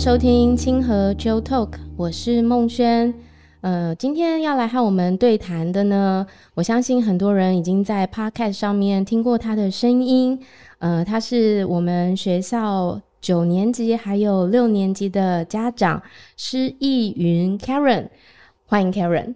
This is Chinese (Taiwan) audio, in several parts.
收聽青禾 Chill Talk，我是孟軒。呃，今天要來和我們對談的呢，我相信很多人已經在 Podcast 上面聽過他的聲音。呃，他是我們學校九年級還有六年級的家長，施逸筠 Karen。歡迎 Karen，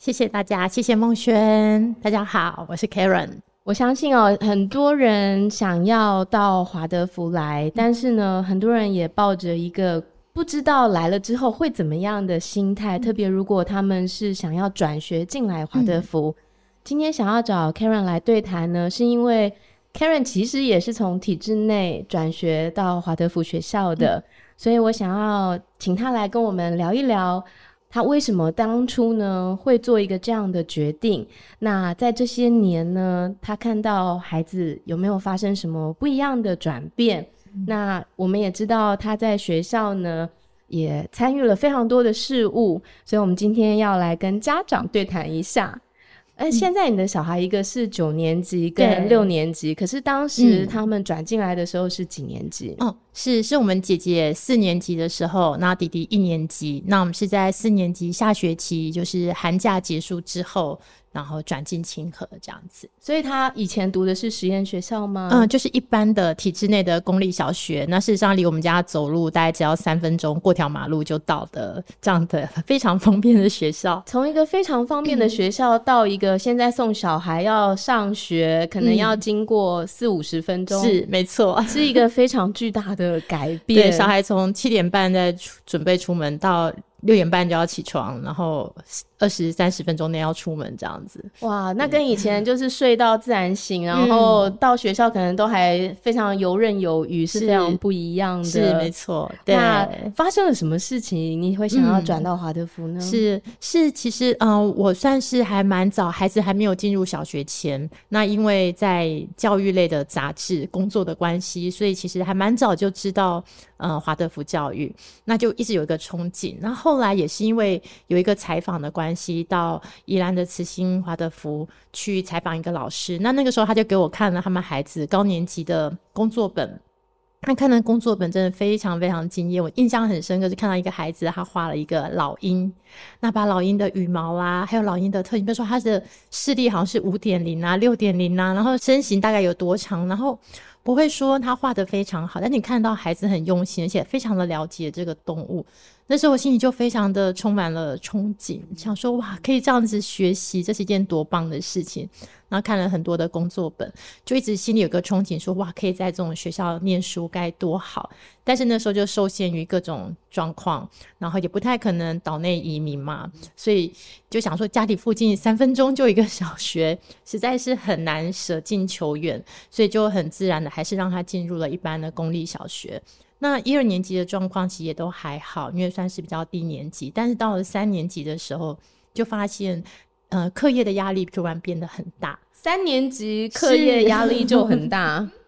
謝謝大家，謝謝孟軒，大家好，我是 Karen。我相信哦，很多人想要到華德福來，嗯、但是呢，很多人也抱着一個不知道來了之後會怎麼樣的心態。嗯、特別如果他們是想要轉學進來華德福，嗯、今天想要找 Karen 來對談呢，是因為 Karen 其實也是從體制內轉學到華德福學校的，嗯、所以我想要請她來跟我們聊一聊。他為什麼當初呢會做一個這樣的決定？那在這些年呢，他看到孩子有沒有發生什麼不一樣的轉變？嗯、那我們也知道他在學校呢也參與了非常多的事務，所以我們今天要來跟家長對談一下。哎、欸，嗯、現在你的小孩一個是九年級，跟六年級，可是當時他們轉進來的時候是幾年級？嗯、哦。是，是我們姐姐四年級的時候，那弟弟一年級，那我們是在四年級下學期，就是寒假結束之後，然後轉進青禾這樣子。所以他以前讀的是實驗學校嗎？嗯，就是一般的體制內的公立小學。那事實上離我們家走路大概只要三分鐘，過條馬路就到的這樣的非常方便的學校。從一個非常方便的學校到一個現在送小孩要上學，嗯、可能要經過四五十分鐘，是沒錯，是一個非常巨大的。 的、嗯、改變，對小孩從七點半再出，準備出門到。六點半就要起床，然後二十三十分鐘內要出門，這樣子。哇，那跟以前就是睡到自然醒，嗯、然後到學校可能都還非常游刃有餘，是，是非常不一樣的。是沒錯。對。那發生了什麼事情，你會想要轉到華德福呢？是、嗯、是，是其實嗯、呃，我算是還蠻早，孩子還沒有進入小學前，那因為在教育類的雜誌工作的關係，所以其實還蠻早就知道。呃，華德福教育，那就一直有一個憧憬。那後來也是因為有一個採訪的關係，到宜蘭的慈心華德福去採訪一個老師。那那個時候他就給我看了他們孩子高年級的工作本，他看的工作本真的非常非常驚艷，我印象很深刻。就看到一個孩子，他畫了一個老鷹，那把老鷹的羽毛啊，還有老鷹的特性，比如說他的視力好像是五點零啊、六點零啊，然後身形大概有多長，然後。不會說他畫得非常好，但你看到孩子很用心，而且非常的了解這個動物，那時候我心裡就非常的充滿了憧憬，想說哇，可以這樣子學習，這是一件多棒的事情。然後看了很多的工作本，就一直心裡有個憧憬，說哇，可以在這種學校念書該多好。但是那時候就受限於各種狀況，然後也不太可能島內移民嘛，嗯，所以就想說家裡附近三分鐘就一個小學，實在是很難捨近求遠，所以就很自然的還是讓他進入了一般的公立小學。那一二年級的狀況其實也都還好，因為算是比較低年級，但是到了三年級的時候，就發現，呃，課業的壓力突然變得很大。三年級課業壓力就很大。是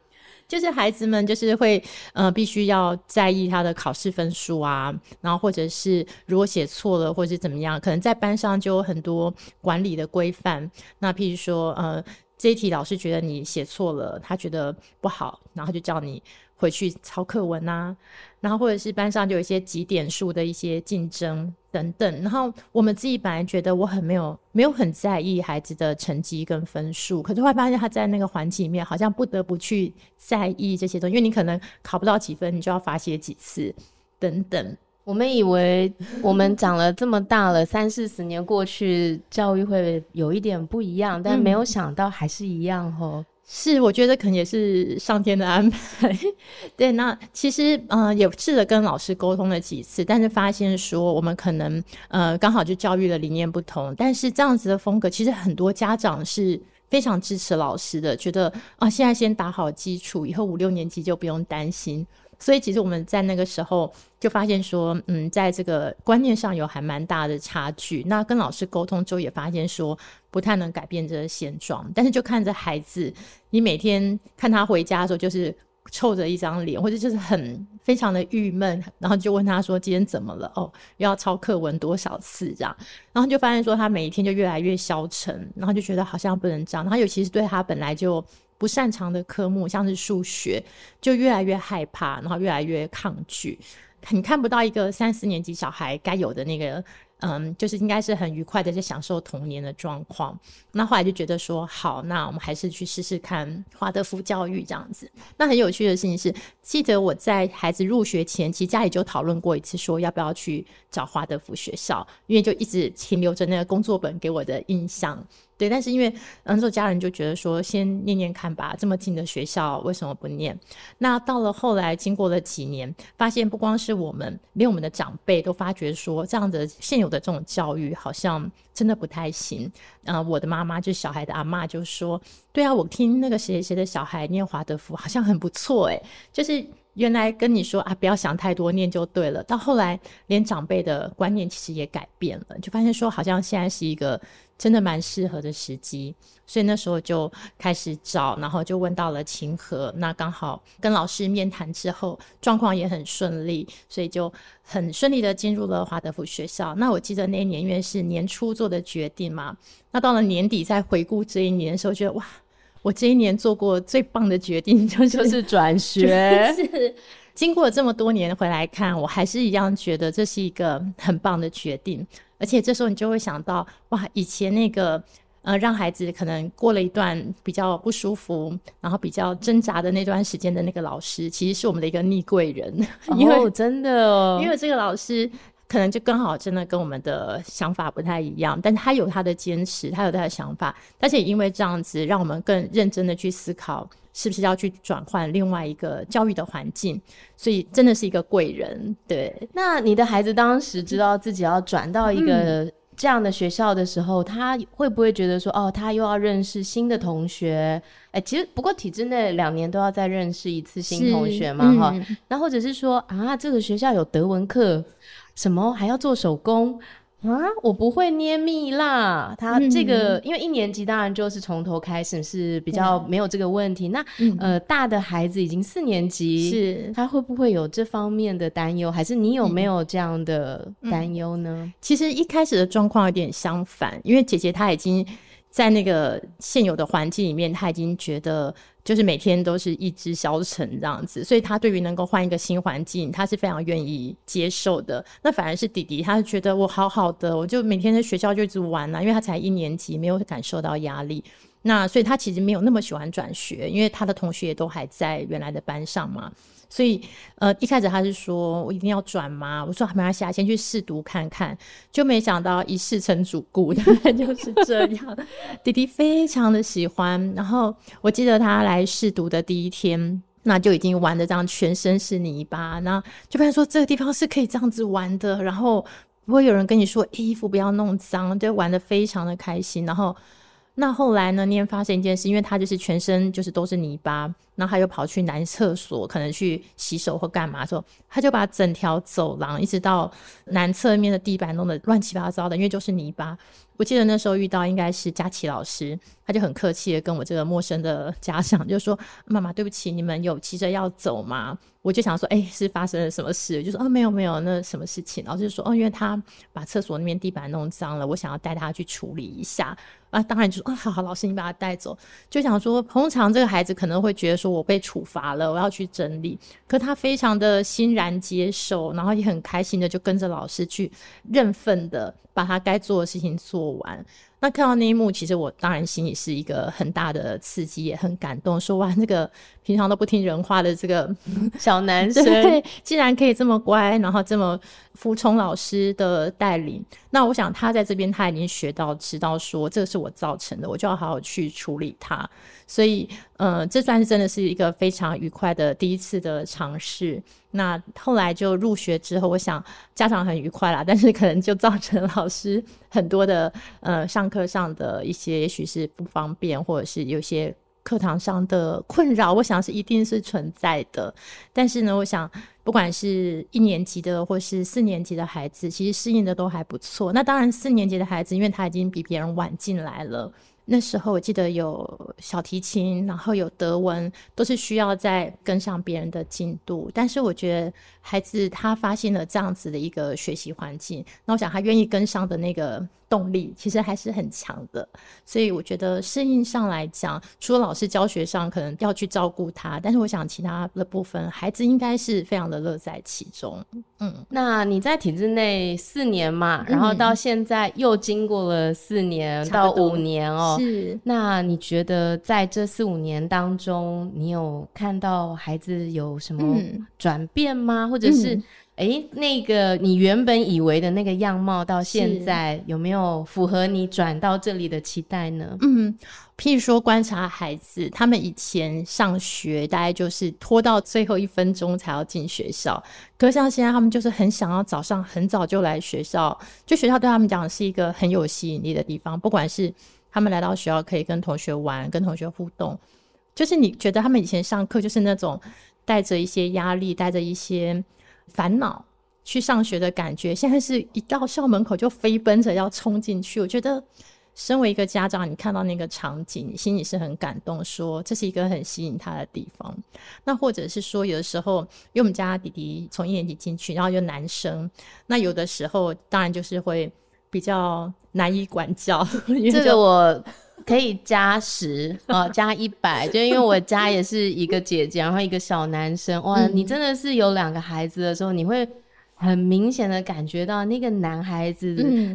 就是孩子們就是會，呃，必須要在意他的考試分數啊，然後或者是如果寫錯了或者怎麼樣，可能在班上就有很多管理的規範。那譬如說，呃，這一題老師覺得你寫錯了，他覺得不好，然後就叫你回去抄課文啊。然後或者是班上就有一些集點數的一些競爭等等，然後我們自己本來覺得我很沒有沒有很在意孩子的成績跟分數，可是會發現他在那個環境裡面好像不得不去在意這些東西，因為你可能考不到幾分，你就要罰寫幾次等等。我們以為我們長了這麼大了， 三四十年過去，教育會有一點不一樣，但沒有想到還是一樣吼。是，我覺得可能也是上天的安排。 對，那其實嗯、呃，也試着跟老師溝通了幾次，但是發現說我們可能呃剛好就教育的理念不同，但是這樣子的風格，其實很多家長是非常支持老師的，覺得啊、呃、現在先打好基礎，以後五六年級就不用擔心。所以其實我們在那個時候就發現說，嗯，在這個觀念上有還蠻大的差距。那跟老師溝通之後也發現說，不太能改變這個現狀。但是就看着孩子，你每天看他回家的時候就是臭着一張臉，或者就是很非常的鬱悶，然後就問他說：“今天怎麼了？”哦，又要抄課文多少次這樣，然後就發現說他每一天就越來越消沉，然後就覺得好像不能這樣。他尤其是對他本來就不擅長的科目，像是數學，就越來越害怕，然後越來越抗拒。你看不到一個三四年級小孩該有的那個，嗯，就是應該是很愉快的在享受童年的狀況。那後來就覺得說，好，那我們還是去試試看華德福教育這樣子。那很有趣的事情是，記得我在孩子入學前，其實家裡就討論過一次，說要不要去找華德福學校，因為就一直停留着那個工作本給我的印象。對，但是因為，嗯，時家人就覺得說，先念念看吧，這麼近的學校為什麼不念？那到了後來，經過了幾年，發現不光是我們，連我們的長輩都發覺說，這樣的現有的這種教育好像真的不太行。啊、呃，我的媽媽就是小孩的阿嬤就說，對啊，我聽那個誰誰的小孩念華德福好像很不錯哎、欸，就是。原來跟你說啊，不要想太多，念就對了。到後來，連長輩的觀念其實也改變了，就發現說好像現在是一個真的蠻適合的時機。所以那時候就開始找，然後就問到了青禾。那剛好跟老師面談之後，狀況也很順利，所以就很順利的進入了華德福學校。那我記得那一年因為是年初做的決定嘛，那到了年底再回顧這一年的時候，覺得哇。我這一年做過最棒的決定，就就是轉學，就是是。經過這麼多年回來看，我還是一樣覺得這是一個很棒的決定。而且這時候你就會想到，哇，以前那個呃，讓孩子可能過了一段比較不舒服，然後比較掙扎的那段時間的那個老師，其實是我們的一個逆貴人。哦、因為真的，哦，因為這個老師。可能就剛好，真的跟我們的想法不太一樣，但是他有他的堅持，他有他的想法，而且因為這樣子，讓我們更認真的去思考是不是要去轉換另外一個教育的環境，所以真的是一個貴人。對，那你的孩子當時知道自己要轉到一個這樣的學校的時候，嗯、他會不會覺得說，哦，他又要認識新的同學？哎、欸，其實不過體制內兩年都要再認識一次新同學嘛，哈。然、嗯、後或者是說，啊，這個學校有德文課。什麼還要做手工啊？我不會捏蜜蠟。他這個、嗯、因為一年級當然就是從頭開始，是比較沒有這個問題。嗯、那呃，大的孩子已經四年級，是、嗯、他會不會有這方面的擔憂？還是你有沒有這樣的擔憂呢、嗯嗯？其實一開始的狀況有點相反，因為姐姐她已經。在那個現有的環境裡面，他已經覺得就是每天都是意志消沉這樣子，所以他對於能夠換一個新環境，他是非常願意接受的。那反而是弟弟，他覺得我好好的，我就每天在學校就一直玩了啊，因為他才一年級，沒有感受到壓力，那所以他其實沒有那麼喜歡轉學，因為他的同學也都還在原來的班上嘛。所以，呃，一開始他是說，我一定要轉嗎？我說沒關係，先去試讀看看。就沒想到一試成主顧，原來就是這樣。 弟弟非常的喜歡。然後我記得他來試讀的第一天，那就已經玩的這樣全身是泥巴，那就不然說這個地方是可以這樣子玩的，然後不會有人跟你說衣、欸、服不要弄髒，就玩的非常的開心。然後。那後來呢？那天發生一件事，因為他就是全身就是都是泥巴，然後他又跑去男廁所，可能去洗手或幹嘛的時候，他就把整條走廊一直到男側面的地板弄得亂七八糟的，因為就是泥巴。我記得那時候遇到應該是佳琪老師，他就很客氣的跟我這個陌生的家長就說：“媽媽，對不起，你們有急着要走嗎？”我就想說：“誒、欸，是發生了什麼事？”就說：“哦，沒有沒有，那什麼事情？”老師就說：“哦，因為他把廁所那邊地板弄髒了，我想要帶他去處理一下。”啊，當然就說啊、哦，好好，老師你把他帶走，就想說，通常這個孩子可能會覺得說，我被處罰了，我要去整理，可他非常的欣然接受，然後也很開心的就跟着老師去認分的把他該做的事情做完。那看到那一幕，其實我當然心裡是一個很大的刺激，也很感動。說哇，那這個平常都不聽人話的這個小男生， 對，竟然可以這麼乖，然後這麼服從老師的帶領。那我想他在這邊他已經學到，知道說這個是我造成的，我就要好好去處理他。所以，呃，這算是真的是一個非常愉快的第一次的嘗試。那後來就入學之後，我想家長很愉快啦，但是可能就造成老師。很多的呃，上課上的一些，也許是不方便，或者是有些課堂上的困擾，我想是一定是存在的。但是呢，我想不管是一年級的或是四年級的孩子，其實適應的都還不錯。那當然，四年級的孩子，因為他已經比別人晚進來了。那時候我記得有小提琴，然後有德文，都是需要再跟上別人的進度。但是我覺得孩子他發現了這樣子的一個學習環境，那我想他願意跟上的那個動力其實還是很強的，所以我覺得適應上來講，除了老師教學上可能要去照顧他，但是我想其他的部分，孩子應該是非常的樂在其中。嗯，那你在體制內四年嘛，然後到現在又經過了四年、嗯、到五年哦、喔，是。那你覺得在這四五年當中，你有看到孩子有什麼轉變嗎？嗯、或者是？誒、欸，那個你原本以為的那個樣貌，到現在有沒有符合你轉到這裡的期待呢？嗯，譬如說觀察孩子，他們以前上學大概就是拖到最後一分鐘才要進學校，可是像現在他們就是很想要早上很早就來學校，就學校對他們講是一個很有吸引力的地方，不管是他們來到學校可以跟同學玩，跟同學互動，就是你覺得他們以前上課就是那種帶着一些壓力，帶着一些。煩惱去上學的感覺，現在是一到校門口就飛奔着要衝進去。我覺得，身為一個家長，你看到那個場景，你心裡是很感動，說這是一個很吸引他的地方。那或者是說，有的時候，因為我們家弟弟從一年級進去，然後就男生，那有的時候當然就是會比較難以管教。這個我。可以加十啊，加一百，就因為我家也是一個姐姐， 然後一個小男生哇，嗯、你真的是有兩個孩子的時候，你會很明顯的感覺到那個男孩子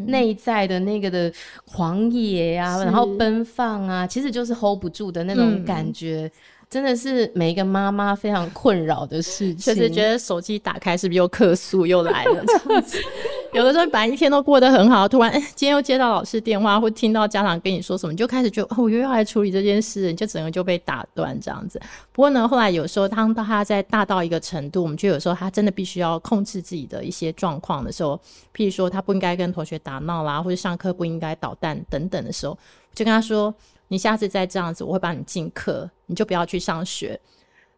內在的那個的狂野啊，嗯、然後奔放啊，是其實就是 hold 不住的那種感覺，嗯、真的是每一個媽媽非常困擾的事情。確實，覺得手機打開是不是又客訴又來了，這樣子。 有的時候本來一天都過得很好，突然今天又接到老師電話，或聽到家長跟你說什麼，你就開始就哦，我又要來處理這件事，你就整個就被打斷這樣子。不過呢，後來有時候當他在大到一個程度，我們就有時候他真的必須要控制自己的一些狀況的時候，譬如說他不應該跟同學打鬧啦，或者上課不應該搗蛋等等的時候，我就跟他說：“你下次再這樣子，我會把你進課，你就不要去上學。”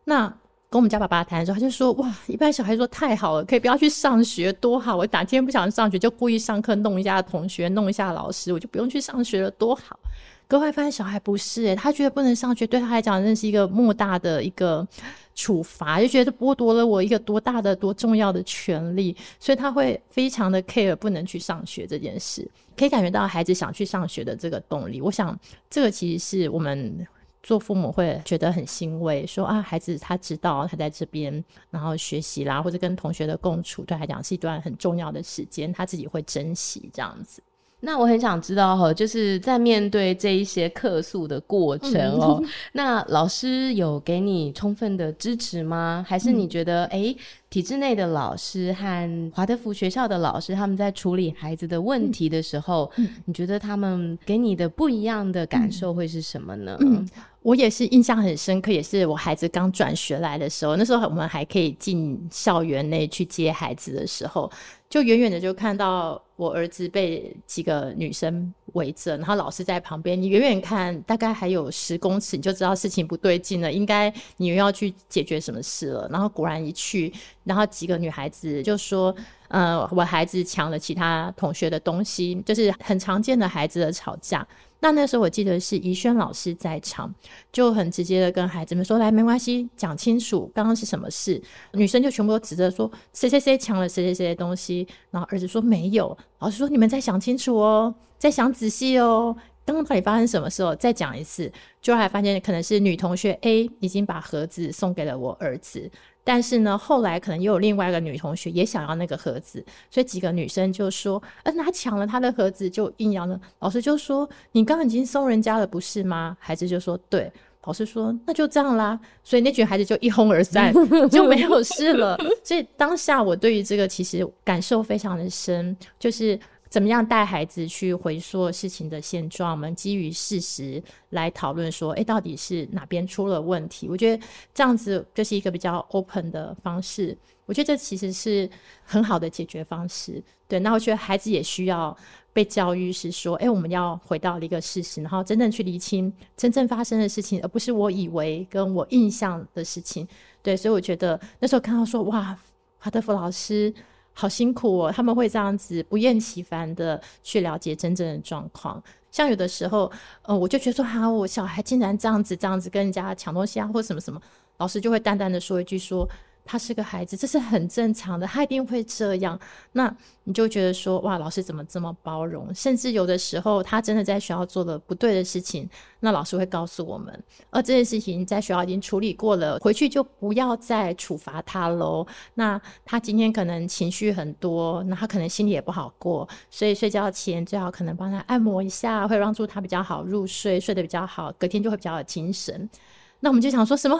那。跟我們家爸爸談的時候，他就說：“哇，一般小孩說太好了，可以不要去上學，多好！我哪天不想上學，就故意上課弄一下同學，弄一下老師，我就不用去上學了，多好。”各位發現小孩不是、欸，誒他覺得不能上學，對他來講，那是一個莫大的一個處罰，就覺得剝奪了我一個多大的、多重要的權利，所以他會非常的 care 不能去上學這件事，可以感覺到孩子想去上學的這個動力。我想，這個其實是我們。做父母會覺得很欣慰，說啊，孩子他知道他在這邊，然後學習啦，或者跟同學的共處，對他來講是一段很重要的時間，他自己會珍惜這樣子。那我很想知道哈，就是在面對這一些客訴的過程哦，嗯、那老師有給你充分的支持嗎？還是你覺得，嗯、誒，體制內的老師和華德福學校的老師，他們在處理孩子的問題的時候，嗯、你覺得他們給你的不一樣的感受會是什麼呢？嗯，我也是印象很深刻，也是我孩子剛轉學來的時候，那時候我們還可以進校園內去接孩子的時候。就遠遠的就看到我兒子被幾個女生圍着，然後老師在旁邊。你遠遠看，大概還有十公尺，你就知道事情不對勁了，應該你又要去解決什麼事了。然後果然一去，然後幾個女孩子就說：“呃，我孩子搶了其他同學的東西，就是很常見的孩子的吵架。”那那時候我記得是宜萱老師在場，就很直接的跟孩子們說：“來，沒關係，講清楚剛剛是什麼事。”女生就全部都指着說：“誰誰誰搶了誰誰誰的東西。”然後兒子說：“沒有。”老師說：“你們再想清楚哦、喔，再想仔細哦、喔，剛剛到底發生什麼時候、喔，再講一次。”就還發現可能是女同學 A 已經把盒子送給了我兒子。但是呢，後來可能又有另外一個女同學也想要那個盒子，所以幾個女生就說：“嗯，她搶了她的盒子，就陰陽了。”老師就說：“你剛剛已經送人家了，不是嗎？”孩子就說：“對。”老師說：“那就這樣啦。”所以那群孩子就一哄而散，就沒有事了。 所以當下我對於這個其實感受非常的深，就是。怎麼樣帶孩子去回溯事情的現狀？我們基於事實來討論說，哎、欸，到底是哪邊出了問題？我覺得這樣子就是一個比較 open 的方式。我覺得這其實是很好的解決方式。對，那我覺得孩子也需要被教育是說，哎、欸，我們要回到一個事實，然後真正去釐清真正發生的事情，而不是我以為跟我印象的事情。對，所以我覺得那時候看到說，哇，華德福老師。好辛苦哦，他們會這樣子不厭其煩的去了解真正的狀況。像有的時候，呃，我就覺得說，哈、啊，我小孩竟然這樣子這樣子跟人家搶東西啊，或什麼什麼，老師就會淡淡的說一句說。他是個孩子，這是很正常的，他一定會這樣。那你就覺得說，哇，老師怎麼這麼包容？甚至有的時候，他真的在學校做了不對的事情，那老師會告訴我們，而這件事情在學校已經處理過了，回去就不要再處罰他嘍。那他今天可能情緒很多，那他可能心裡也不好過，所以睡覺前最好可能幫他按摩一下，會幫助他比較好入睡，睡得比較好，隔天就會比較有精神。那我們就想說什麼？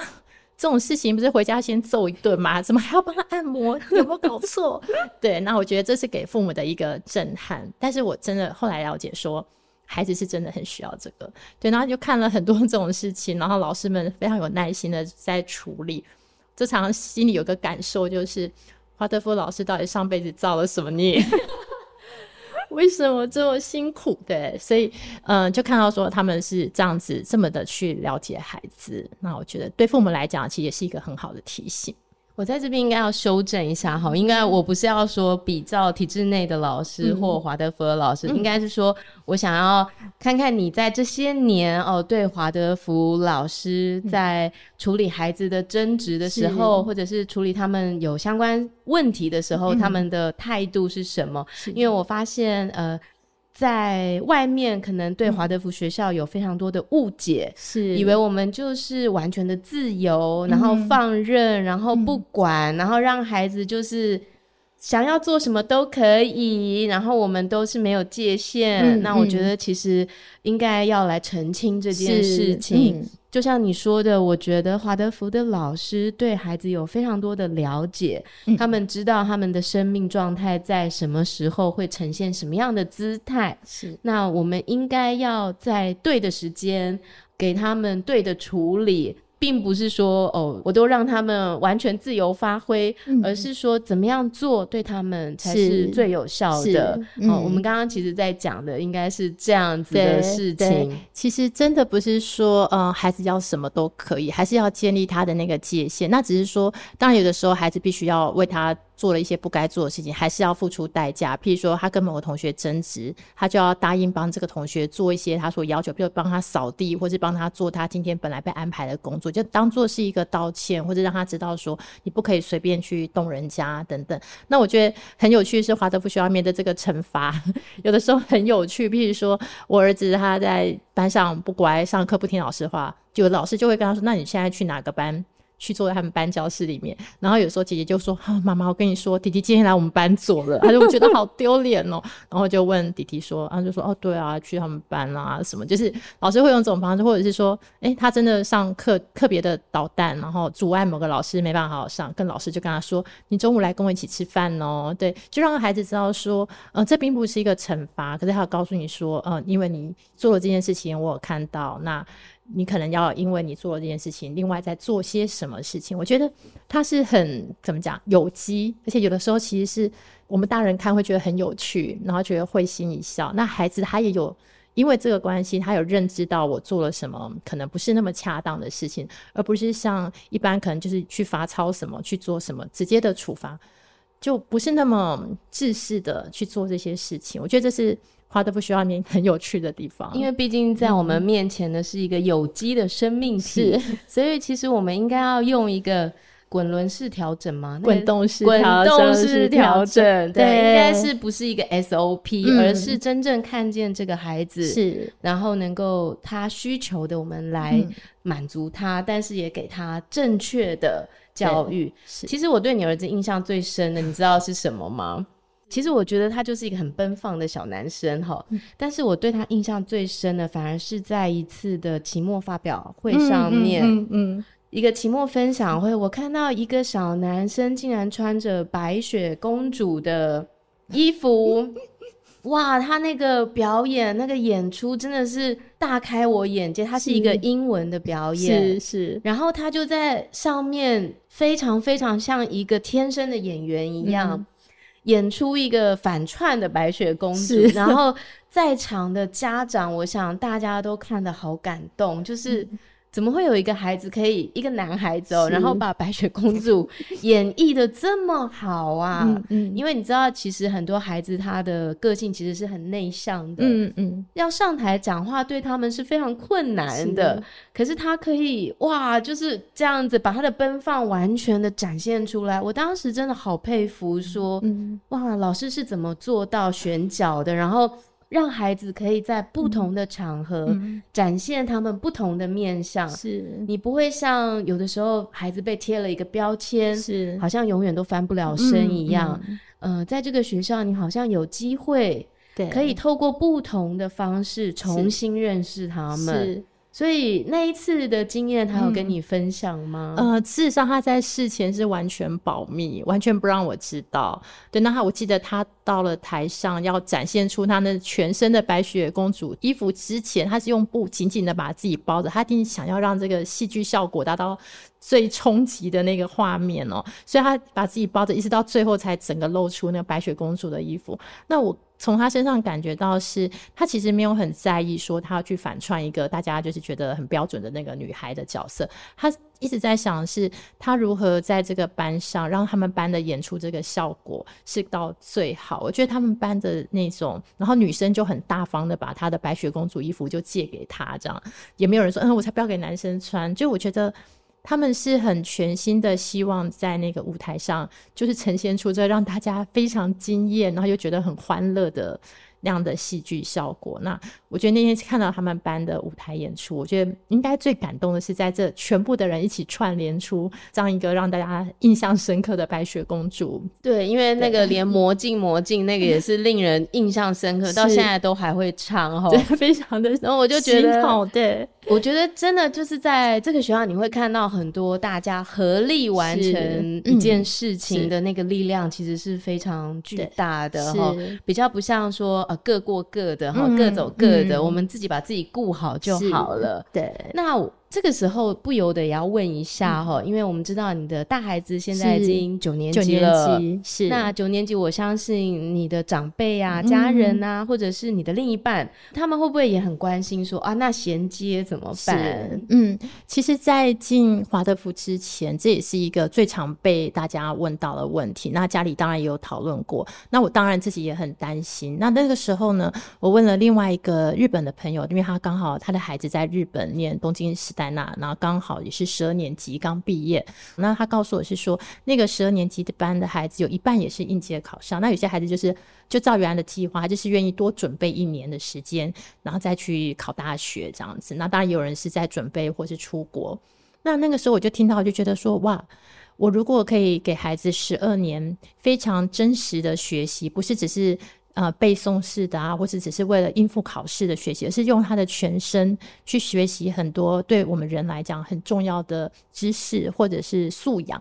這種事情不是回家先揍一頓嗎？怎麼還要幫他按摩？有沒有搞錯？ 對，那我覺得這是給父母的一個震撼。但是我真的後來了解說，孩子是真的很需要這個。對，然後就看了很多這種事情，然後老師們非常有耐心的在處理。這場心裡有個感受，就是華德福老師到底上輩子造了什麼孽？ 為什麼這麼辛苦？對，所以，嗯，就看到說他們是這樣子，這麼的去了解孩子。那我覺得對父母來講，其實也是一個很好的提醒。我在這邊應該要修正一下哈，應該我不是要說比較體制內的老師或華德福的老師，嗯、哼應該是說我想要看看你在這些年哦，對華德福老師在處理孩子的爭執的時候，嗯、哼或者是處理他們有相關問題的時候，是他們的態度是什麼？是因為我發現呃。在外面可能對華德福學校有非常多的誤解，是、嗯、以為我們就是完全的自由，是然後放任，嗯、然後不管，嗯、然後讓孩子就是。想要做什麼都可以，然後我們都是沒有界限。嗯、那我覺得其實應該要來澄清這件事情。嗯、就像你說的，我覺得華德福的老師對孩子有非常多的了解，嗯、他們知道他們的生命狀態在什麼時候會呈現什麼樣的姿態。是，那我們應該要在對的時間給他們對的處理。並不是說哦，我都讓他們完全自由發揮，嗯、而是說怎麼樣做對他們才是最有效的。嗯，嗯，我們剛剛其實在講的應該是這樣子的事情。對，其實真的不是說呃、嗯，孩子要什麼都可以，還是要建立他的那個界限。那只是說，當然有的時候孩子必須要為他。做了一些不該做的事情，還是要付出代價。譬如說，他跟某個同學爭執，他就要答應幫這個同學做一些他所要求，譬如幫他掃地，或是幫他做他今天本來被安排的工作，就當做是一個道歉，或者讓他知道說你不可以隨便去動人家等等。那我覺得很有趣，是華德福學校面對這個懲罰， 有的時候很有趣。譬如說我兒子他在班上不乖，上課不聽老師話，就老師就會跟他說：“那你現在去哪個班？”去坐在他們班教室裡面，然後有時候姐姐就說：“啊，媽媽，我跟你說，弟弟今天來我們班坐了。啊”他就覺得好丟臉哦。”然後就問弟弟說：“啊，就說哦、啊，對啊，去他們班啦、啊，什麼？就是老師會用這種方式，或者是說，誒、欸，他真的上課特別的搗蛋，然後阻礙某個老師沒辦法好好上，跟老師就跟他說：‘你中午來跟我一起吃飯哦。’對，就讓孩子知道說，呃，這並不是一個懲罰，可是他有告訴你說，呃，因為你做了這件事情，我有看到那。”你可能要因為你做了這件事情，另外再做些什麼事情？我覺得他是很，怎麼講，有機，而且有的時候其實是我們大人看會覺得很有趣，然後覺得會心一笑。那孩子他也有因為這個關係，他有認知到我做了什麼可能不是那麼恰當的事情，而不是像一般可能就是去罰抄什麼，去做什麼直接的處罰，就不是那麼制式的去做這些事情。我覺得這是。花都不需要，你很有趣的地方。因為畢竟在我們面前的是一個有機的生命體、嗯、是， 所以其實我們應該要用一個滾輪式調整嘛，滾動式調整。對，應該是不是一個 SOP，、嗯、而是真正看見這個孩子，是然後能夠他需求的我們來滿足他，嗯、但是也給他正確的教育。是，其實我對你兒子印象最深的，你知道是什麼嗎？其實我覺得他就是一個很奔放的小男生哈，但是我對他印象最深的，反而是在一次的期末發表會上面，嗯嗯嗯嗯、一個期末分享會，我看到一個小男生竟然穿着白雪公主的衣服， 哇，他那個表演那個演出真的是大開我眼界。他是一個英文的表演是是，是是然後他就在上面非常非常像一個天生的演員一樣。嗯演出一個反串的白雪公主，是 然後在場的家長，我想大家都看得好感動， 就是。怎麼會有一個孩子可以，一個男孩子哦、喔，是然後把白雪公主演繹得這麼好啊？ 嗯，嗯因為你知道，其實很多孩子他的個性其實是很內向的，嗯嗯，嗯要上台講話對他們是非常困難的。是，可是他可以哇，就是這樣子把他的奔放完全的展現出來。我當時真的好佩服說，說、嗯、哇，老師是怎麼做到選角的？然後。讓孩子可以在不同的場合展現他們不同的面相。是、嗯、你不會像有的時候孩子被貼了一個標籤，是好像永遠都翻不了身一樣。嗯、嗯、呃，在這個學校，你好像有機會，可以透過不同的方式重新認識他們。是、是。所以那一次的經驗，他有跟你分享嗎？嗯，呃，事實上他在事前是完全保密，完全不讓我知道。對，那他我記得他到了台上要展現出他那全身的白雪公主衣服之前，他是用布緊緊的把自己包着，他一定想要讓這個戲劇效果達到最衝擊的那個畫面哦。所以他把自己包着，一直到最後才整個露出那個白雪公主的衣服。那我。從他身上感覺到是他其實沒有很在意說，他要去反串一個大家就是覺得很標準的那個女孩的角色，他一直在想是他如何在這個班上讓他們班的演出這個效果是到最好。我覺得他們班的那種，然後女生就很大方的把她的白雪公主衣服就借給他，這樣也沒有人說，嗯，我才不要給男生穿。就我覺得他們是很全心的希望，在那個舞台上，就是呈現出這讓大家非常驚艷，然後又覺得很歡樂的。那樣的戲劇效果。那我覺得那天看到他們班的舞台演出，我覺得應該最感動的是在這全部的人一起串聯出這樣一個讓大家印象深刻的白雪公主。對，因為那個連魔鏡魔鏡那個也是令人印象深刻，對嗯、到現在都還會唱哈，是喔、對，非常的。然後我就覺得，好對，我覺得真的就是在這個學校，你會看到很多大家合力完成、嗯、一件事情的那個力量，其實是非常巨大的哈、喔，比較不像說。啊，各過各的哈，嗯、各走各的，嗯、我們自己把自己顧好就好了。好了。對，那。這個時候不由得也要問一下哈，嗯、因為我們知道你的大孩子現在已經九年級了，是，九是那九年級，我相信你的長輩啊、嗯、家人啊，或者是你的另一半，嗯、他們會不會也很關心說啊，那銜接怎麼辦？嗯，其實，在進華德福之前，這也是一個最常被大家問到的問題。那家裡當然也有討論過，那我當然自己也很擔心。那那個時候呢，我問了另外一個日本的朋友，因為他剛好他的孩子在日本念東京時代。在那，然後剛好也是十二年級剛畢業，那他告訴我是說，那個十二年級的班的孩子有一半也是應屆考上，那有些孩子就是就照原來的計劃，就是願意多準備一年的時間，然後再去考大學這樣子。那當然有人是在準備或是出國。那那個時候我就聽到，我就覺得說，哇，我如果可以給孩子十二年非常真實的學習，不是只是。啊、呃，背誦式的啊，或者只是為了應付考試的學習，而是用他的全身去學習很多對我們人來講很重要的知識或者是素養。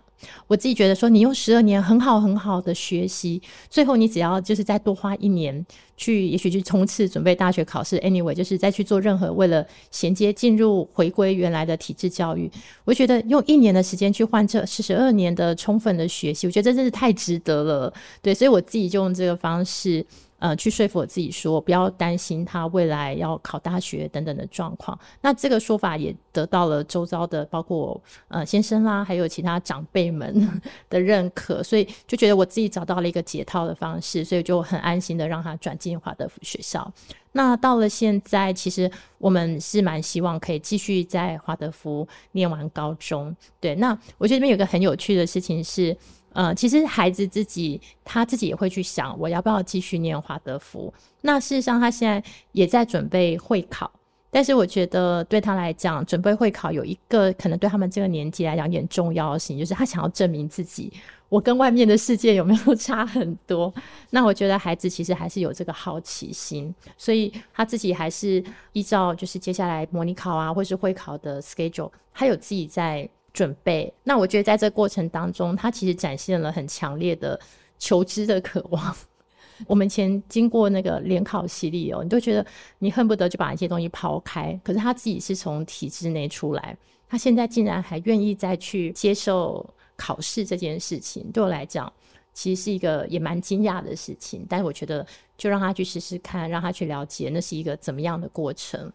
我自己覺得說，你用十二年很好很好的學習，最後你只要就是再多花一年去也許去衝刺準備大學考試。Anyway，就是再去做任何為了銜接進入回歸原來的體制教育，我覺得用一年的時間去換這十二年的充分的學習，我覺得這真的是太值得了。對，所以我自己就用這個方式。呃，去說服我自己說，不要擔心他未來要考大學等等的狀況。那這個說法也得到了周遭的包括呃先生啦，還有其他長輩們的認可，所以就覺得我自己找到了一個解套的方式，所以就很安心的讓他轉進華德福學校。那到了現在，其實我們是蠻希望可以繼續在華德福念完高中。對，那我覺得這邊有一個很有趣的事情是。呃、嗯，其實孩子自己他自己也會去想，我要不要繼續念華德福？那事實上，他現在也在準備會考。但是，我覺得對他來講，準備會考有一個可能對他們這個年紀來講有點重要性，就是他想要證明自己，我跟外面的世界有沒有差很多？那我覺得孩子其實還是有這個好奇心，所以他自己還是依照就是接下來模擬考啊，或是會考的 schedule，他有自己在。準備，那我覺得在這過程當中，他其實展現了很強烈的求知的渴望。 我們以前經過那個聯考洗禮哦，你都覺得你恨不得就把一些東西拋開，可是他自己是從體制內出來，他現在竟然還願意再去接受考試這件事情，對我來講其實是一個也蠻驚訝的事情。但是我覺得，就讓他去試試看，讓他去了解，那是一個怎麼樣的過程。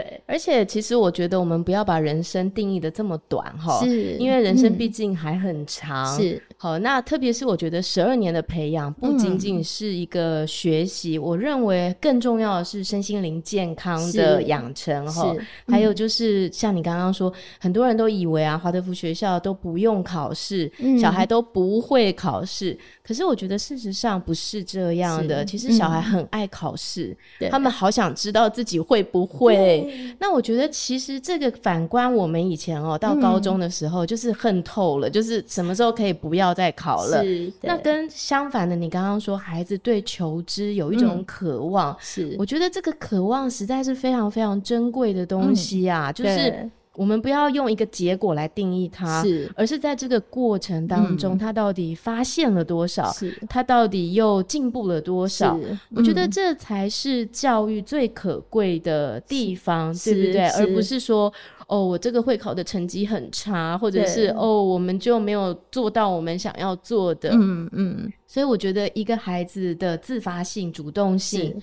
對，而且其實我覺得我們不要把人生定義得這麼短哈，是，因為人生畢竟還很長。嗯、是，好，那特別是我覺得十二年的培養不僅僅是一個學習，嗯、我認為更重要的是身心靈健康的養成哈。是還有就是像你剛剛說，嗯、很多人都以為啊，華德福學校都不用考試，嗯、小孩都不會考試。可是我覺得事實上不是這樣的，是其實小孩很愛考試，嗯、他們好想知道自己會不會、嗯。那我覺得，其實這個反觀我們以前哦，到高中的時候就是恨透了，嗯、就是什麼時候可以不要再考了。是，那跟相反的，你剛剛說孩子對求知有一種渴望，嗯、是，我覺得這個渴望實在是非常非常珍貴的東西啊，嗯、就是。我們不要用一個結果來定義他，而是在這個過程當中，他到底發現了多少？他到底又進步了多少？我覺得這才是教育最可貴的地方，對不對？而不是說哦，我這個會考的成績很差，或者是哦，我們就沒有做到我們想要做的。嗯嗯。所以我覺得一個孩子的自發性、主動性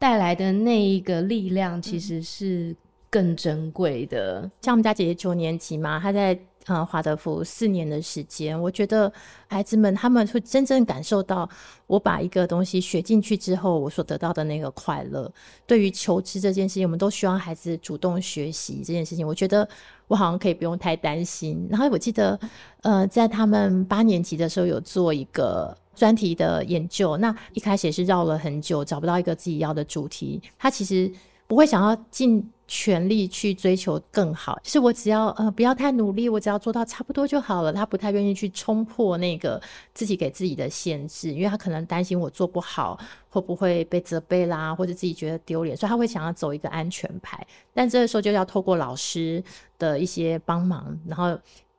帶來的那一個力量，其實是。更珍貴的，像我們家姐姐九年級嘛，她在呃華德福四年的時間，我覺得孩子們他們會真正感受到我把一個東西學進去之後，我所得到的那個快樂。對於求知這件事情，我們都希望孩子主動學習這件事情，我覺得我好像可以不用太擔心。然後我記得呃，在他們八年級的時候有做一個專題的研究，那一開始也是繞了很久，找不到一個自己要的主題，他其實不會想要進。全力去追求更好，就是我只要呃不要太努力，我只要做到差不多就好了。他不太願意去衝破那個自己給自己的限制，因為他可能擔心我做不好，會不會被責備啦，或者自己覺得丟臉，所以他會想要走一個安全牌。但這個時候就要透過老師的一些幫忙，然後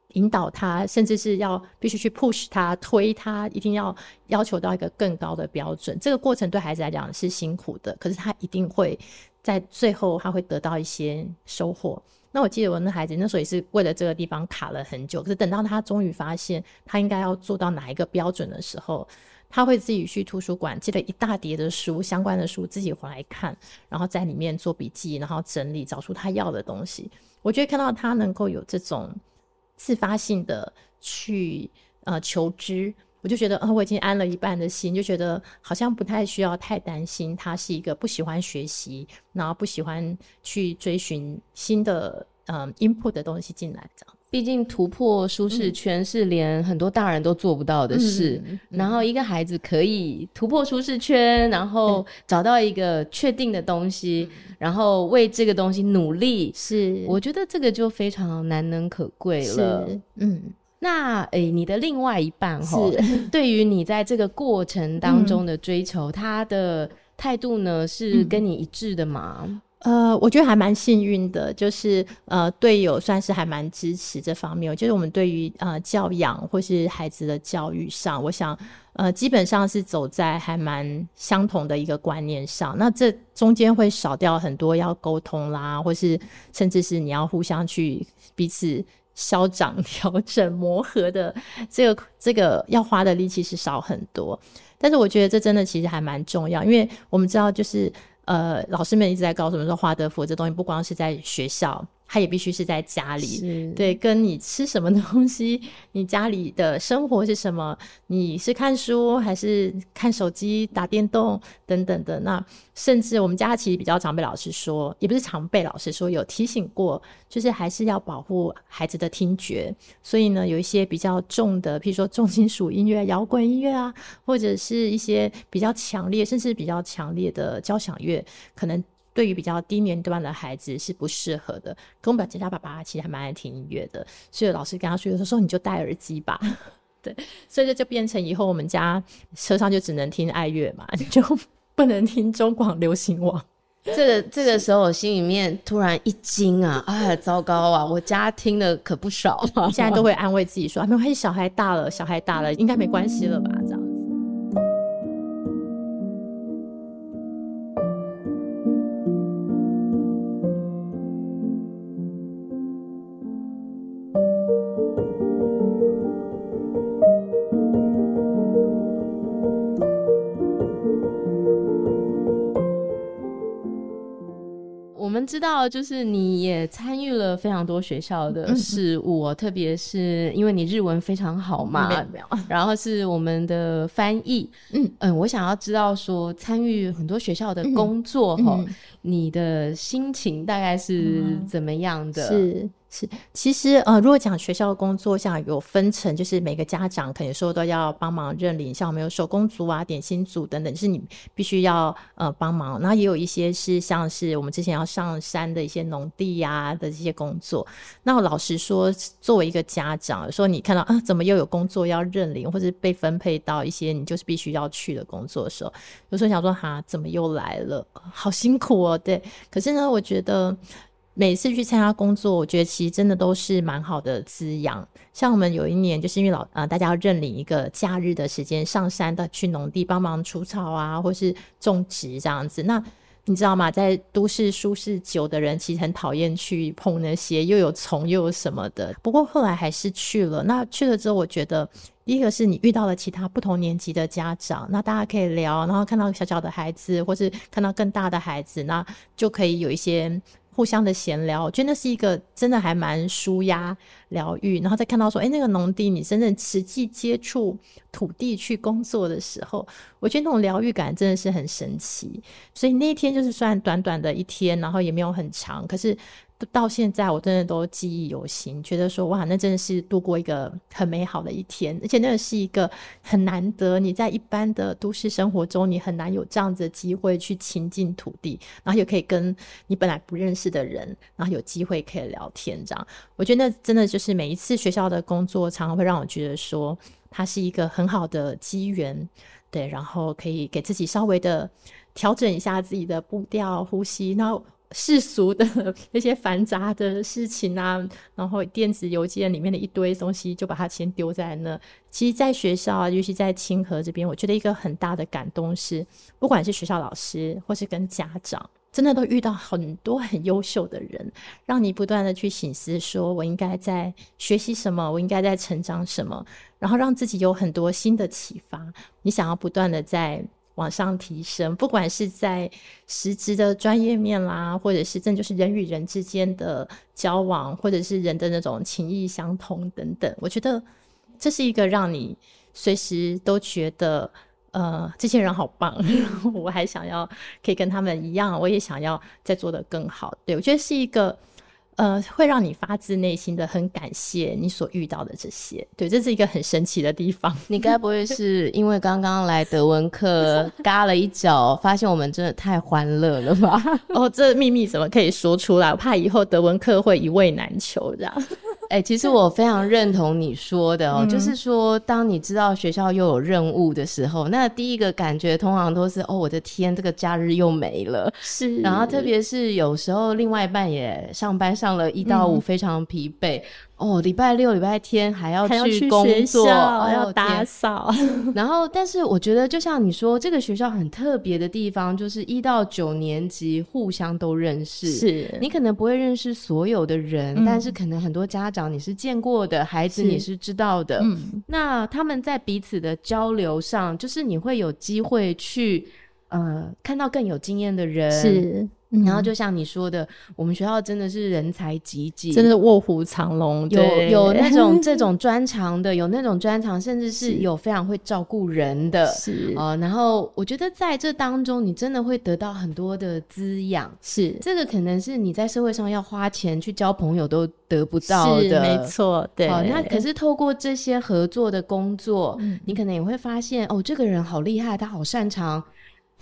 引導他，甚至是要必須去 push 他、推他，一定要要求到一個更高的標準。這個過程對孩子來講是辛苦的，可是他一定會。在最後他會得到一些收穫。那我記得我那孩子那時候也是為了這個地方卡了很久，可是等到他終於發現他應該要做到哪一個標準的時候，他會自己去圖書館借了一大疊的書，相關的書自己回來看，然後在裡面做筆記，然後整理找出他要的東西。我覺得看到他能夠有這種自發性的去，呃，求知。我就覺得，呃，我已經安了一半的心，就覺得好像不太需要太擔心。他是一個不喜歡學習，然後不喜歡去追尋新的，嗯，input 的東西進來的。畢竟突破舒適圈是連很多大人都做不到的事。嗯、然後一個孩子可以突破舒適圈，然後找到一個確定的東西，嗯、然後為這個東西努力，是我覺得這個就非常難能可貴了。是。嗯。那誒、欸，你的另外一半是對於你在這個過程當中的追求，嗯、他的態度呢是跟你一致的嗎、嗯？呃，我覺得還蠻幸運的，就是呃，隊友算是還蠻支持這方面。就是我們對於呃教養或是孩子的教育上，我想呃基本上是走在還蠻相同的一個觀念上。那這中間會少掉很多要溝通啦，或是甚至是你要互相去彼此。校長調整磨合的這個這個要花的力氣是少很多，但是我覺得這真的其實還蠻重要，因為我們知道就是呃，老師們一直在告訴我們說，華德福這東西不光是在學校。他也必須是在家裡，是對，跟你吃什麼東西，你家裡的生活是什麼？你是看書還是看手機、打電動等等的？那甚至我們家其實比較常被老師說，也不是常被老師說，有提醒過，就是還是要保護孩子的聽覺。所以呢，有一些比較重的，譬如說重金屬音樂、搖滾音樂啊，或者是一些比較強烈，甚至比較強烈的交響樂，可能。對於比較低年段的孩子是不適合的。跟我們表姐家爸爸其實還蠻愛聽音樂的，所以老師跟他說：“有的時候你就戴耳機吧。”對，所以就就變成以後我們家車上就只能聽愛樂嘛，你就不能聽中廣流行網。這個、這個時候我心裡面突然一驚啊！啊是、哎，糟糕啊！我家聽的可不少。現在都會安慰自己說、啊：“沒關係，小孩大了，小孩大了，嗯、應該沒關係了吧。”知道，就是你也參與了非常多學校的事物，嗯、特別是因為你日文非常好嘛。嗯、沒有沒有，然後是我們的翻譯，嗯，嗯，我想要知道說參與很多學校的工作，哈、嗯，嗯、你的心情大概是怎麼樣的？嗯啊、是。是，其實呃，如果講學校工作，像有分成，就是每個家長可能說都要幫忙認領，像我們有手工組啊、點心組等等，就是你必須要呃幫忙。那也有一些是像是我們之前要上山的一些農地呀、啊、的這些工作。那老實說，作為一個家長，說你看到啊、呃，怎麼又有工作要認領，或者被分配到一些你就是必須要去的工作的時候，有時候想說哈、啊，怎麼又來了，呃、好辛苦哦、喔。對，可是呢，我覺得。每次去參加工作，我覺得其實真的都是蠻好的滋養。像我們有一年，就是因為老啊、呃，大家要認領一個假日的時間，上山的去農地幫忙除草啊，或是種植這樣子。那你知道嗎？在都市舒適久的人，其實很討厭去碰那些又有蟲又有什麼的。不過後來還是去了。那去了之後，我覺得第一個是你遇到了其他不同年級的家長，那大家可以聊，然後看到小小的孩子，或是看到更大的孩子，那就可以有一些。互相的閒聊，我覺得那是一個真的還蠻舒壓療癒。然後再看到說，欸，那個農地，你真正實際接觸土地去工作的時候，我覺得那種療癒感真的是很神奇。所以那一天就是算短短的一天，然後也沒有很長，可是。到現在，我真的都記憶猶新，覺得說哇，那真的是度過一個很美好的一天，而且那是一個很難得，你在一般的都市生活中，你很難有這樣子的機會去親近土地，然後也可以跟你本來不認識的人，然後有機會可以聊天這樣。我覺得那真的就是每一次學校的工作，常常會讓我覺得說，它是一個很好的機緣，對，然後可以給自己稍微的調整一下自己的步調、呼吸，那世俗的那些繁雜的事情啊，然後電子郵件裡面的一堆東西，就把它先丟在那。其實，在學校啊，尤其在青禾這邊，我覺得一個很大的感動是，不管是學校老師，或是跟家長，真的都遇到很多很優秀的人，讓你不斷的去省思：說我應該在學習什麼，我應該在成長什麼，然後讓自己有很多新的啟發。你想要不斷的在。往上提升，不管是在實質的專業面啦，或者是這就是人與人之間的交往，或者是人的那種情誼相通等等，我覺得這是一個讓你隨時都覺得，呃，這些人好棒， 我還想要可以跟他們一樣，我也想要再做得更好。對，我覺得是一個。呃，會讓你發自內心的很感謝你所遇到的這些，對，這是一個很神奇的地方。 你該不會是因為剛剛來德文課嘎了一腳，發現我們真的太歡樂了吧？ 哦，這秘密怎麼可以說出來？我怕以後德文課會一位難求這樣。哎、欸，其實我非常認同你說的哦、喔，是嗯、就是說，當你知道學校又有任務的時候，那第一個感覺通常都是哦，我的天，這個假日又沒了。是，然後特別是有時候另外一半也上班上了一到五、嗯，非常疲憊。哦，禮拜六、禮拜天還要去工作，還要打掃。天 然後，但是我覺得，就像你說，這個學校很特別的地方，就是一到九年級互相都認識。是你可能不會認識所有的人，嗯、但是可能很多家長你是見過的，孩子你是知道的。是那他們在彼此的交流上，就是你會有機會去呃看到更有經驗的人。是。然後就像你說的，嗯、我們學校真的是人才濟濟，真的臥虎藏龍，有有那種這種專長的， 有那種專長，甚至是有非常會照顧人的。是、呃、然後我覺得在這當中，你真的會得到很多的滋養。是這個，可能是你在社會上要花錢去交朋友都得不到的，是沒錯。對，那、呃、可是透過這些合作的工作，嗯、你可能也會發現，哦，這個人好厲害，他好擅長。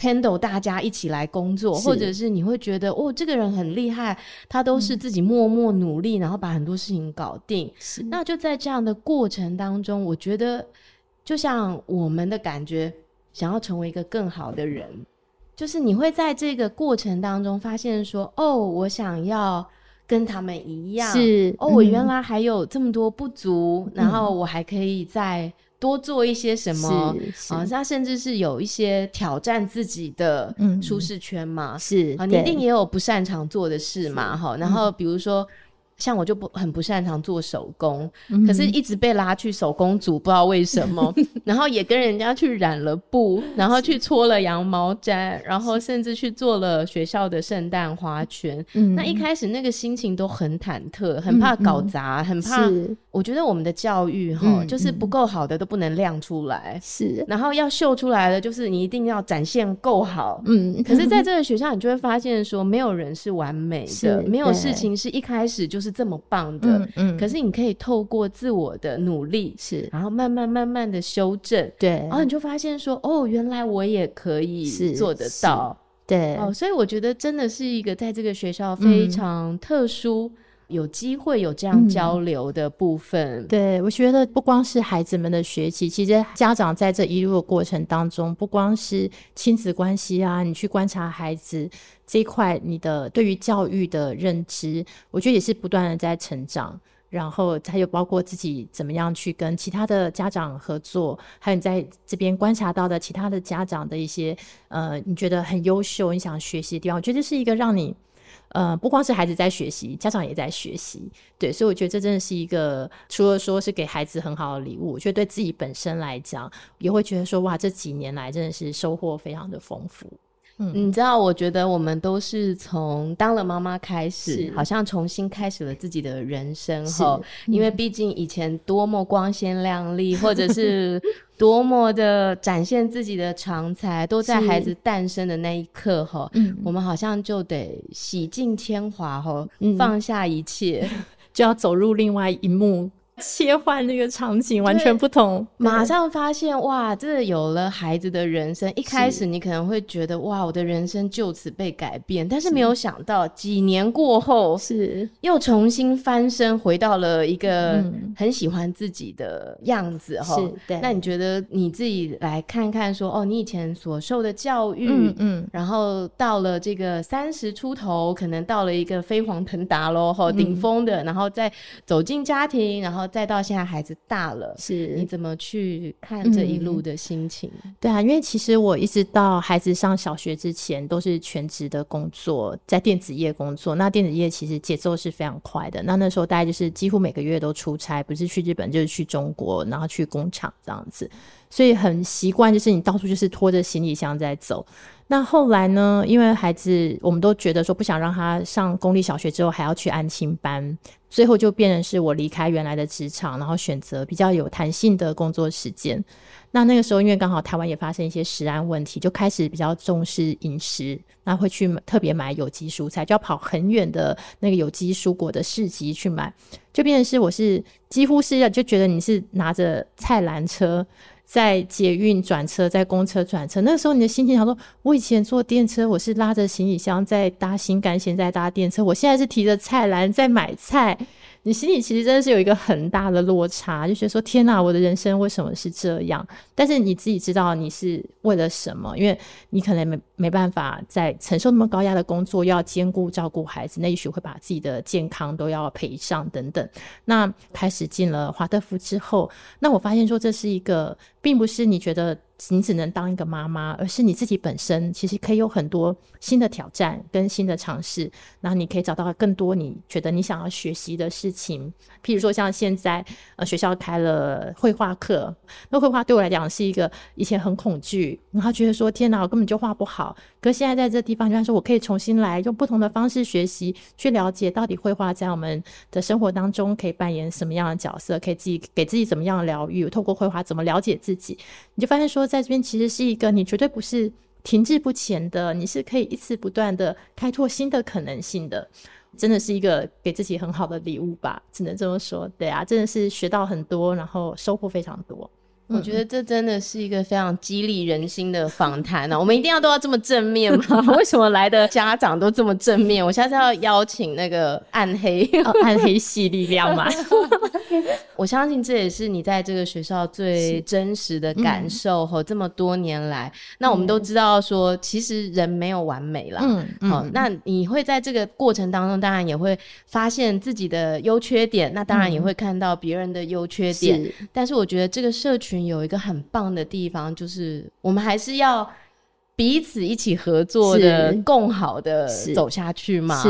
handle 大家一起來工作，是或者是你會覺得哦，這個人很厲害，他都是自己默默努力，然後把很多事情搞定。是那就在這樣的過程當中，我覺得就像我們的感覺，想要成為一個更好的人，就是你會在這個過程當中發現說，哦，我想要跟他們一樣，是哦，嗯、我原來還有這麼多不足，然後我還可以在。多做一些什麼啊？他甚至是有一些挑戰自己的舒適圈嘛？嗯、好是啊，你一定也有不擅長做的事嘛？哈是，然後比如說。嗯像我就不很不擅長做手工，可是一直被拉去手工組，不知道為什麼，然後也跟人家去染了布，然後去搓了羊毛氈，然後甚至去做了學校的聖誕花圈。那一開始那個心情都很忐忑，很怕搞砸，很怕。我覺得我們的教育哈，就是不夠好的都不能亮出來，是。然後要秀出來的就是你一定要展現夠好，嗯。可是在這個學校，你就會發現說，沒有人是完美的，沒有事情是一開始就是。這麼棒的，嗯，嗯，可是你可以透過自我的努力，是，然後慢慢慢慢的修正，對，然後你就發現說，哦，原來我也可以做得到，對，哦，所以我覺得真的是一個在這個學校非常特殊，嗯，有機會有這樣交流的部分，對，我覺得不光是孩子們的學習，其實家長在這一路的過程當中，不光是親子關係啊，你去觀察孩子。這一塊，你的對於教育的認知，我覺得也是不斷的在成長。然後，還有包括自己怎麼樣去跟其他的家長合作，還有你在這邊觀察到的其他的家長的一些，呃，你覺得很優秀，你想學習的地方，我覺得這是一個讓你，呃，不光是孩子在學習，家長也在學習。對，所以我覺得這真的是一個，除了說是給孩子很好的禮物，我覺得對自己本身來講，也會覺得說，哇，這幾年來真的是收穫非常的豐富。嗯、你知道，我覺得我們都是從當了媽媽開始，是好像重新開始了自己的人生哈。是因為畢竟以前多麼光鮮亮麗，嗯、或者是多麼的展現自己的長才， 都在孩子誕生的那一刻哈，是我們好像就得洗盡鉛華哈，嗯、放下一切，就要走入另外一幕。 切換那個場景完全不同，馬上發現哇，真的有了孩子的人生。一開始你可能會覺得是哇，我的人生就此被改變，但是沒有想到是幾年過後是又重新翻身，回到了一個很喜歡自己的樣子哈。嗯、是對，那你覺得你自己來看看說哦，你以前所受的教育，嗯，嗯然後到了這個三十出頭，可能到了一個飛黃騰達嘍，吼，頂峰的，嗯、然後再走進家庭，然後。再到現在孩子大了，是你怎麼去看這一路的心情？嗯，對啊，因為其實我一直到孩子上小學之前都是全職的工作，在電子業工作。那電子業其實節奏是非常快的。那那時候大概就是幾乎每個月都出差，不是去日本就是去中國，然後去工廠這樣子，所以很習慣，就是你到處就是拖着行李箱在走。那後來呢？因為孩子，我們都覺得說不想讓他上公立小學之後還要去安親班，最後就變成是我離開原來的職場，然後選擇比較有彈性的工作時間。那那個時候，因為剛好台灣也發生一些食安問題，就開始比較重視飲食，那會去特別買有機蔬菜，就要跑很遠的那個有機蔬果的市集去買，就變成是我是幾乎是要就覺得你是拿着菜籃車。在捷運轉車，在公車轉車，那個時候你的心情，想說：“我以前坐電車，我是拉着行李箱在搭新幹線，在搭電車，我現在是提着菜籃在買菜。”你心裡其實真的是有一個很大的落差，就覺得說天哪，我的人生為什麼是這樣？但是你自己知道你是為了什麼，因為你可能沒沒辦法在承受那麼高壓的工作，又要兼顧照顧孩子，那也許會把自己的健康都要賠上等等。那開始進了華德福之後，那我發現說這是一個，並不是你覺得。你只能當一個媽媽，而是你自己本身其實可以有很多新的挑戰跟新的嘗試，然後你可以找到更多你覺得你想要學習的事情。譬如說像現在呃學校開了繪畫課，那繪畫對我來講是一個以前很恐懼，然後覺得說天哪，我根本就畫不好。可是現在在這地方，人家說我可以重新來，用不同的方式學習，去了解到底繪畫在我們的生活當中可以扮演什麼樣的角色，可以自己給自己怎麼樣的療癒，透過繪畫怎麼了解自己，你就發現說。在這邊其實是一個，你絕對不是停滯不前的，你是可以一次不斷的開拓新的可能性的，真的是一個給自己很好的禮物吧，只能這麼說。對啊，真的是學到很多，然後收穫非常多。嗯、我覺得這真的是一個非常激勵人心的訪談呢。我們一定要都要這麼正面嗎？ 為什麼來的家長都這麼正面？我現在要邀請那個暗黑、 哦、暗黑系力量嘛？ 我相信，這也是你在這個學校最真實的感受和、嗯、這麼多年來。嗯、那我們都知道說，其實人沒有完美啦、嗯。嗯嗯。好，那你會在這個過程當中，當然也會發現自己的優缺點。嗯、那當然也會看到別人的優缺點。是、但是我覺得這個社群有一個很棒的地方，就是我們還是要。彼此一起合作的，是共好的走下去嘛？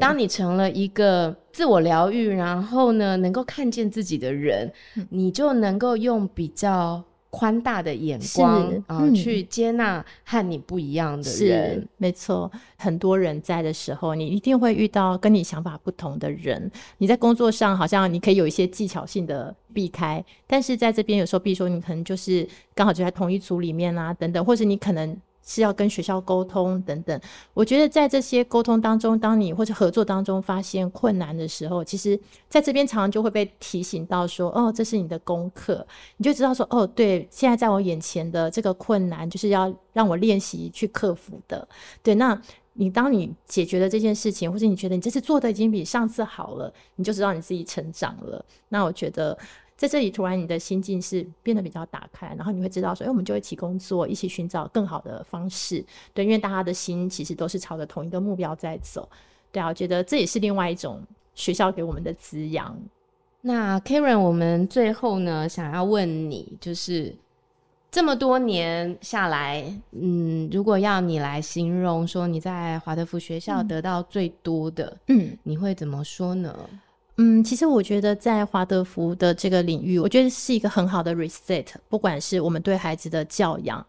當你成了一個自我療癒，然後呢，能夠看見自己的人，嗯、你就能夠用比較寬大的眼光啊，去接納和你不一樣的人、嗯。沒錯，很多人在的時候，你一定會遇到跟你想法不同的人。你在工作上好像你可以有一些技巧性的避開，但是在這邊有時候，比如說你可能就是剛好就在同一組裡面啊，等等，或是你可能。是要跟學校溝通等等，我覺得在這些溝通當中，當你或者合作當中發現困難的時候，其實在這邊常常就會被提醒到說，哦，這是你的功課，你就知道說，哦，對，現在在我眼前的這個困難就是要讓我練習去克服的。對，那你當你解決了這件事情，或者你覺得你這次做的已經比上次好了，你就知道你自己成長了。那我覺得。在這裡，突然你的心境是變得比較打開，然後你會知道說，欸，我們就會一起工作，一起尋找更好的方式。對，因為大家的心其實都是朝着同一個目標在走。對啊，我覺得這也是另外一種學校給我們的滋養。那 Karen，我們最後呢，想要問你，就是這麼多年下來，嗯，如果要你來形容說你在華德福學校得到最多的，嗯，嗯，你會怎麼說呢？嗯，其實我覺得在華德福的這個領域，我覺得是一個很好的 reset。不管是我們對孩子的教養，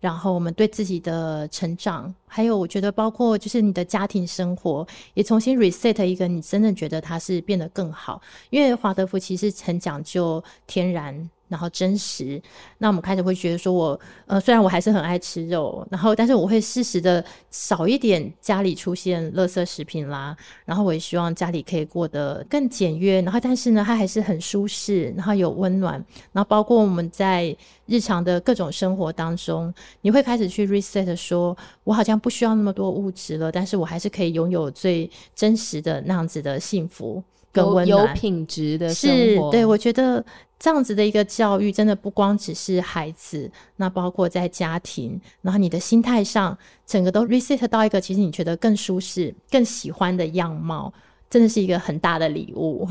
然後我們對自己的成長，還有我覺得包括就是你的家庭生活，也重新 reset 一個你真的覺得它是變得更好。因為華德福其實很講究天然。然後真實，那我們開始會覺得說我，我呃雖然我還是很愛吃肉，然後但是我會適時的少一點家裡出現垃圾食品啦，然後我也希望家裡可以過得更簡約，然後但是呢，它還是很舒適，然後有溫暖，然後包括我們在日常的各種生活當中，你會開始去 reset，說我好像不需要那麼多物質了，但是我還是可以擁有最真實的那樣子的幸福。有，有品質的生活是，對，我覺得這樣子的一個教育，真的不光只是孩子，那包括在家庭，然後你的心態上，整個都 reset 到一個其實你覺得更舒適、更喜歡的樣貌，真的是一個很大的禮物。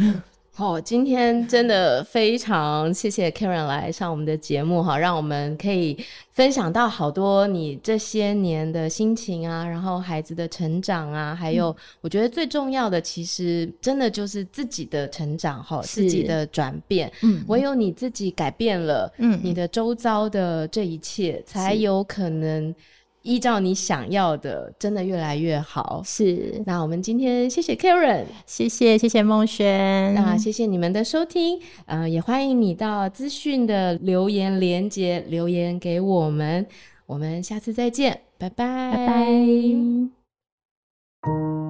好、哦，今天真的非常謝謝 Karen 來上我們的節目，哈，讓我們可以分享到好多你這些年的心情啊，然後孩子的成長啊，還有我覺得最重要的，其實真的就是自己的成長哈，嗯、自己的轉變，嗯是，唯有你自己改變了，嗯，你的周遭的這一切嗯嗯才有可能，依照你想要的，真的越來越好。是，那我們今天謝謝 Karen 謝謝謝謝夢軒，那謝謝你們的收聽，呃，也歡迎你到資訊的留言鏈接留言給我們，我們下次再見，拜拜拜拜。拜拜